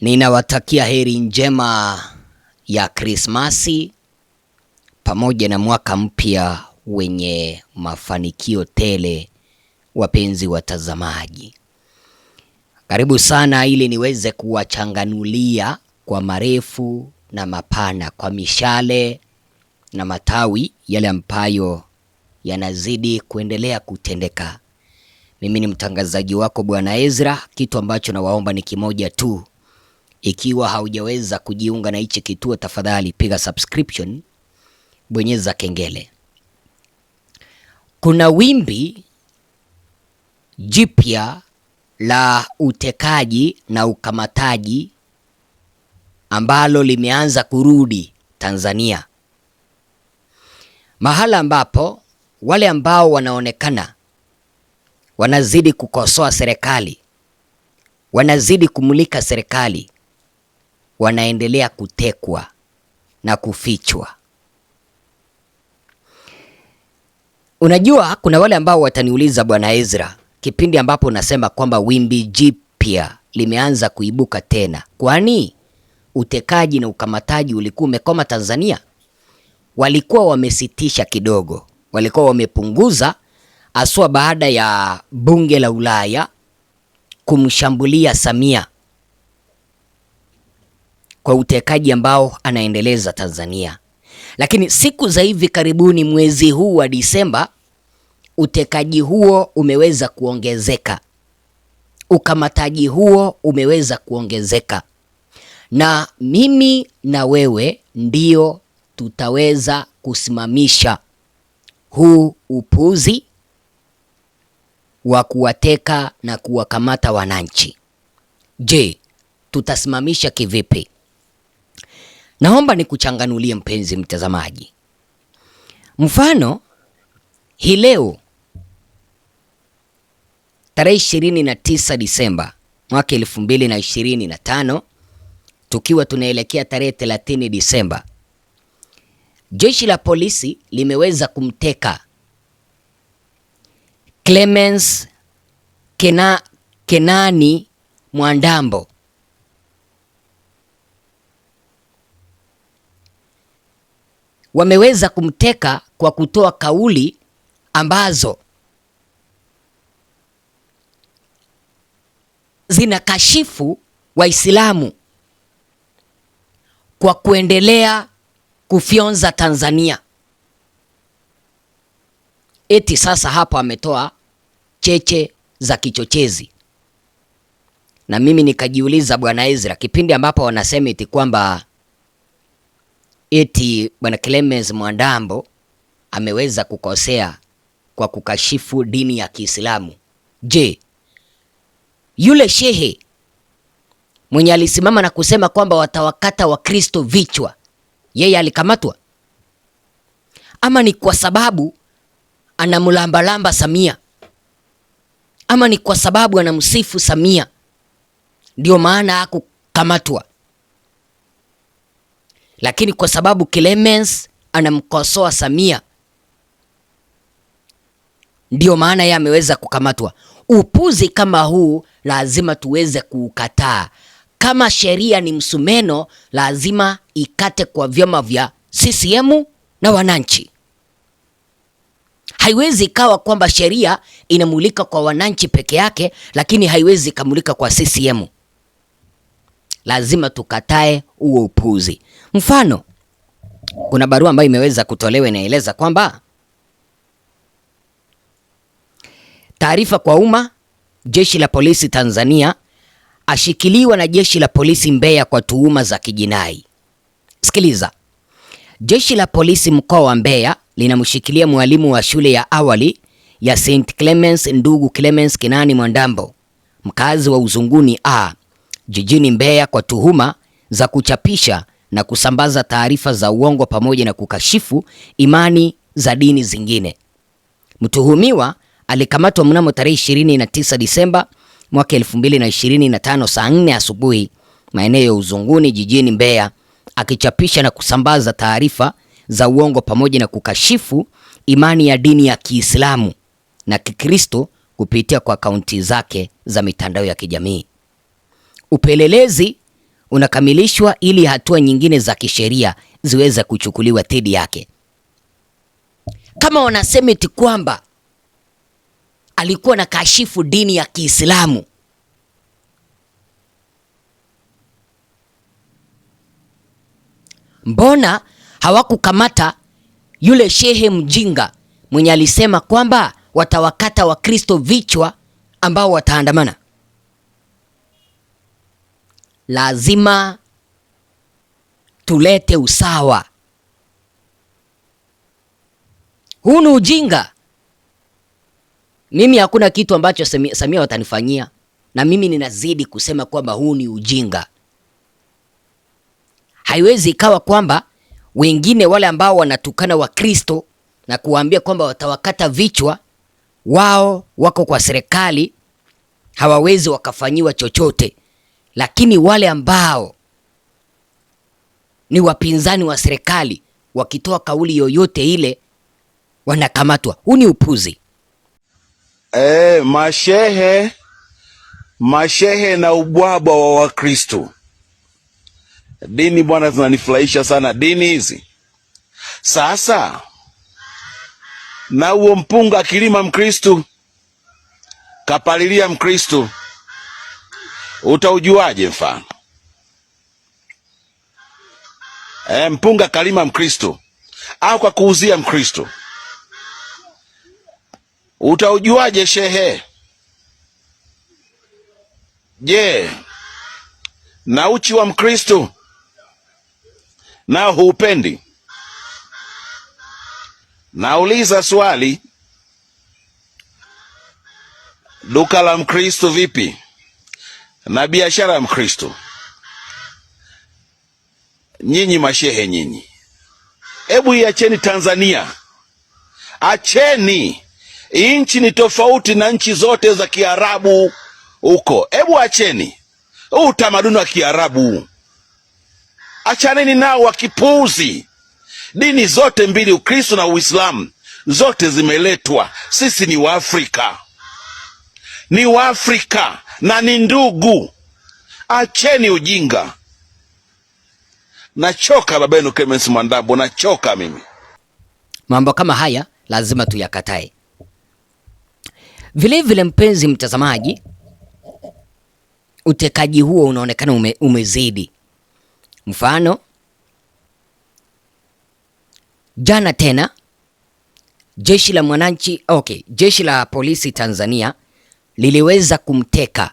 Ninawatakia heri njema ya Krismasi pamoja na mwaka mpya wenye mafanikio tele, wapenzi watazamaji. Karibu sana ili niweze kuwachanganulia kwa marefu na mapana, kwa mishale na matawi yale ambayo yanazidi kuendelea kutendeka. Mimi ni mtangazaji wako Bwana Ezra. Kitu ambacho nawaomba ni kimoja tu. Ikiwa haujaweza kujiunga na hichi kituo, tafadhali piga subscription, bonyeza kengele. Kuna wimbi jipya la utekaji na ukamataji ambalo limeanza kurudi Tanzania, mahala ambapo wale ambao wanaonekana wanazidi kukosoa serikali, wanazidi kumulika serikali wanaendelea kutekwa na kufichwa. Unajua, kuna wale ambao wataniuliza Bwana Ezra, kipindi ambapo unasema kwamba wimbi jipya limeanza kuibuka tena, kwani utekaji na ukamataji ulikuwa umekoma Tanzania? Walikuwa wamesitisha kidogo, walikuwa wamepunguza, haswa baada ya bunge la Ulaya kumshambulia Samia kwa utekaji ambao anaendeleza Tanzania. Lakini siku za hivi karibuni, mwezi huu wa Disemba, utekaji huo umeweza kuongezeka, ukamataji huo umeweza kuongezeka, na mimi na wewe ndio tutaweza kusimamisha huu upuzi wa kuwateka na kuwakamata wananchi. Je, tutasimamisha kivipi? Naomba nikuchanganulie mpenzi mtazamaji, mfano hii leo tarehe 29 Disemba mwaka elfu na tano tukiwa tunaelekea tarehe 30 Disemba, jeshi la polisi limeweza kumteka Clemence Kena, Kenani Mwandambo wameweza kumteka kwa kutoa kauli ambazo zina kashifu Waislamu kwa kuendelea kufyonza Tanzania. Eti sasa hapo ametoa cheche za kichochezi, na mimi nikajiuliza, Bwana Ezra, kipindi ambapo wanasema eti kwamba eti bwana Clemens Mwandambo ameweza kukosea kwa kukashifu dini ya Kiislamu. Je, yule shehe mwenye alisimama na kusema kwamba watawakata Wakristo vichwa, yeye alikamatwa? Ama ni kwa sababu anamlambalamba Samia? Ama ni kwa sababu anamsifu Samia ndio maana hakukamatwa? lakini kwa sababu Clemens anamkosoa Samia ndio maana yeye ameweza kukamatwa. Upuzi kama huu lazima tuweze kuukataa. Kama sheria ni msumeno, lazima ikate kwa vyama vya CCM na wananchi. Haiwezi ikawa kwamba sheria inamulika kwa wananchi peke yake, lakini haiwezi ikamulika kwa CCM lazima tukatae huo upuzi Mfano, kuna barua ambayo imeweza kutolewa inaeleza kwamba taarifa kwa umma, jeshi la polisi Tanzania ashikiliwa na jeshi la polisi Mbeya kwa tuhuma za kijinai. Sikiliza, jeshi la polisi mkoa wa Mbeya linamshikilia mwalimu wa shule ya awali ya St Clemens ndugu Clemens Kinani Mwandambo mkazi wa Uzunguni A jijini Mbeya kwa tuhuma za kuchapisha na kusambaza taarifa za uongo pamoja na kukashifu imani za dini zingine. Mtuhumiwa alikamatwa mnamo tarehe 29 Disemba mwaka 2025 saa 4 asubuhi maeneo ya Uzunguni jijini Mbeya akichapisha na kusambaza taarifa za uongo pamoja na kukashifu imani ya dini ya Kiislamu na Kikristo kupitia kwa akaunti zake za mitandao ya kijamii. Upelelezi unakamilishwa ili hatua nyingine za kisheria ziweze kuchukuliwa dhidi yake. Kama wanasema eti kwamba alikuwa na kashifu dini ya Kiislamu, mbona hawakukamata yule shehe mjinga mwenye alisema kwamba watawakata Wakristo vichwa ambao wataandamana? lazima tulete usawa. Huu ni ujinga. Mimi hakuna kitu ambacho Samia, watanifanyia, na mimi ninazidi kusema kwamba huu ni ujinga. Haiwezi ikawa kwamba wengine wale ambao wanatukana Wakristo na kuwaambia kwamba watawakata vichwa, wao wako kwa serikali hawawezi wakafanyiwa chochote. Lakini wale ambao ni wapinzani wa serikali wakitoa kauli yoyote ile wanakamatwa. Huu ni upuzi. E, mashehe mashehe na ubwabwa wa Wakristo. Dini bwana, zinanifurahisha sana dini hizi. Sasa na huo mpunga akilima mkristu kapalilia mkristu utaujuaje mfano? E, mpunga kalima Mkristo au kwa kuuzia Mkristo, utaujuaje shehe? Je, na uchi wa Mkristo nao huupendi? Nauliza swali, duka la Mkristo vipi? na biashara ya Mkristo. Nyinyi mashehe nyinyi, hebu iacheni Tanzania, acheni nchi. Ni tofauti na nchi zote za Kiarabu huko. Hebu acheni huu utamaduni wa Kiarabu, achaneni nao wakipuuzi. Dini zote mbili, Ukristo na Uislamu, zote zimeletwa. Sisi ni Waafrika, ni Waafrika na ni ndugu. Acheni ujinga, nachoka baba yenu Clemence Mwandambo, nachoka mimi. Mambo kama haya lazima tuyakatae. Vile vile, mpenzi mtazamaji, utekaji huo unaonekana ume, umezidi. Mfano jana tena jeshi la mwananchi okay, jeshi la polisi Tanzania liliweza kumteka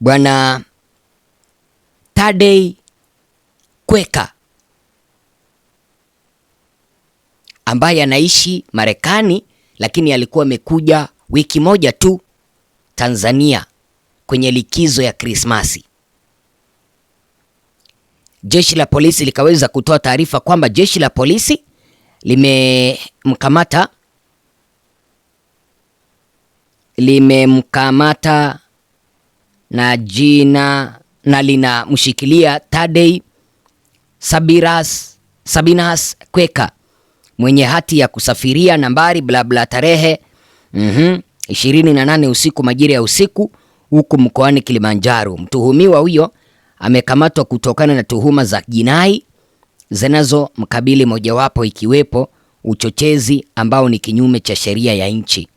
Bwana Tadei Kweka ambaye anaishi Marekani, lakini alikuwa amekuja wiki moja tu Tanzania kwenye likizo ya Krismasi. Jeshi la polisi likaweza kutoa taarifa kwamba jeshi la polisi limemkamata limemkamata na jina na linamshikilia Tadei Sabiras, Sabinas Kweka mwenye hati ya kusafiria nambari bla bla tarehe mm -hmm, 28 usiku majira ya usiku huku mkoani Kilimanjaro. Mtuhumiwa huyo amekamatwa kutokana na tuhuma za jinai zinazomkabili mojawapo ikiwepo uchochezi ambao ni kinyume cha sheria ya nchi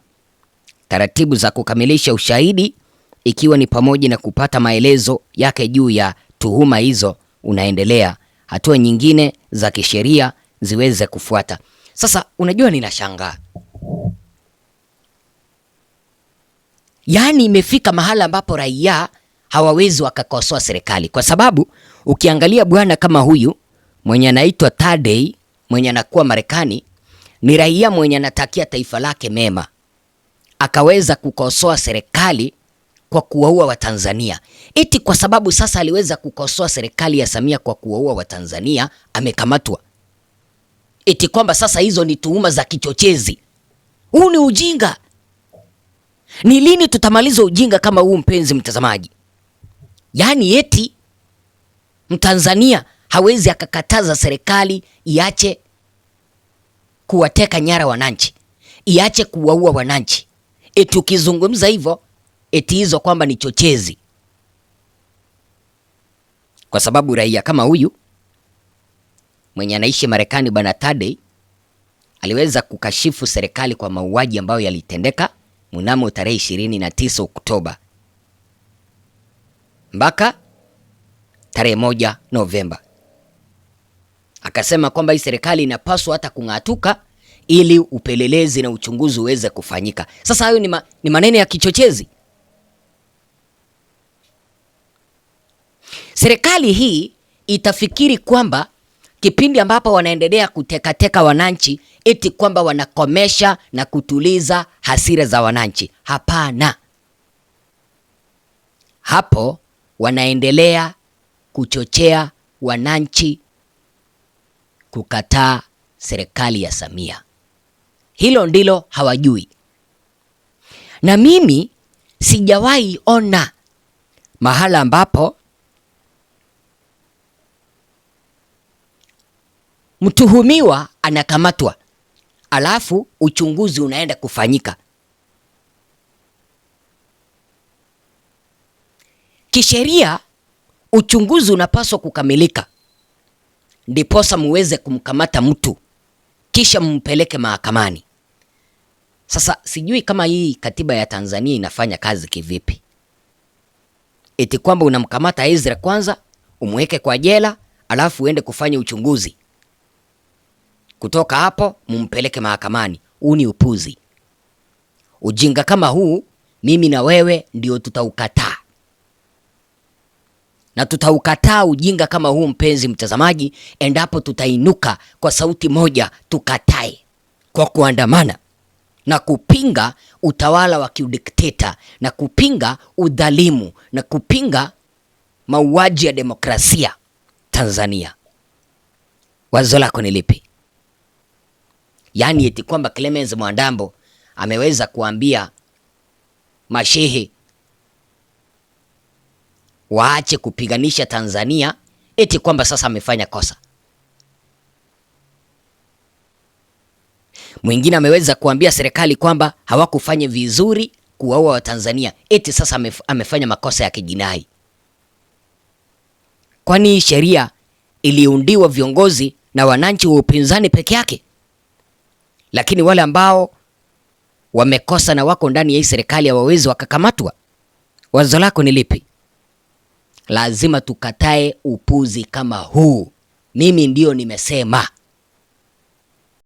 taratibu za kukamilisha ushahidi ikiwa ni pamoja na kupata maelezo yake juu ya tuhuma hizo unaendelea, hatua nyingine za kisheria ziweze kufuata. Sasa unajua, ninashangaa yaani, imefika mahala ambapo raia hawawezi wakakosoa serikali, kwa sababu ukiangalia bwana kama huyu mwenye anaitwa Tadei mwenye anakuwa Marekani ni raia mwenye anatakia taifa lake mema akaweza kukosoa serikali kwa kuwaua Watanzania eti kwa sababu sasa aliweza kukosoa serikali ya Samia kwa kuwaua Watanzania amekamatwa, eti kwamba sasa hizo ni tuhuma za kichochezi. Huu ni ujinga. Ni lini tutamaliza ujinga kama huu, mpenzi mtazamaji? Yaani eti Mtanzania hawezi akakataza serikali iache kuwateka nyara wananchi, iache kuwaua wananchi eti ukizungumza hivyo eti hizo kwamba ni chochezi, kwa sababu raia kama huyu mwenye anaishi Marekani bwana Tade aliweza kukashifu serikali kwa mauaji ambayo yalitendeka mnamo tarehe 29 Oktoba mpaka tarehe moja Novemba, akasema kwamba hii serikali inapaswa hata kung'atuka ili upelelezi na uchunguzi uweze kufanyika. Sasa hayo ni, ma, ni maneno ya kichochezi. Serikali hii itafikiri kwamba kipindi ambapo wanaendelea kutekateka wananchi eti kwamba wanakomesha na kutuliza hasira za wananchi. Hapana, hapo wanaendelea kuchochea wananchi kukataa serikali ya Samia. Hilo ndilo hawajui, na mimi sijawahi ona mahala ambapo mtuhumiwa anakamatwa alafu uchunguzi unaenda kufanyika. Kisheria uchunguzi unapaswa kukamilika, ndiposa muweze kumkamata mtu kisha mumpeleke mahakamani. Sasa sijui kama hii katiba ya Tanzania inafanya kazi kivipi, eti kwamba unamkamata Ezra kwanza umweke kwa jela alafu uende kufanya uchunguzi, kutoka hapo mumpeleke mahakamani. Huu ni upuzi. Ujinga kama huu mimi na wewe ndio tutaukataa, na tutaukataa ujinga kama huu, mpenzi mtazamaji, endapo tutainuka kwa sauti moja tukatae kwa kuandamana na kupinga utawala wa kiudikteta na kupinga udhalimu na kupinga mauaji ya demokrasia Tanzania. Wazo lako ni lipi? Yaani eti kwamba Clemens Mwandambo ameweza kuambia mashehe waache kupiganisha Tanzania eti kwamba sasa amefanya kosa. Mwingine ameweza kuambia serikali kwamba hawakufanya vizuri kuwaua Watanzania, eti sasa amefanya makosa ya kijinai. Kwani sheria iliundiwa viongozi na wananchi wa upinzani peke yake? Lakini wale ambao wamekosa na wako ndani ya hii serikali hawawezi wakakamatwa. Wazo lako ni lipi? Lazima tukatae upuzi kama huu. Mimi ndio nimesema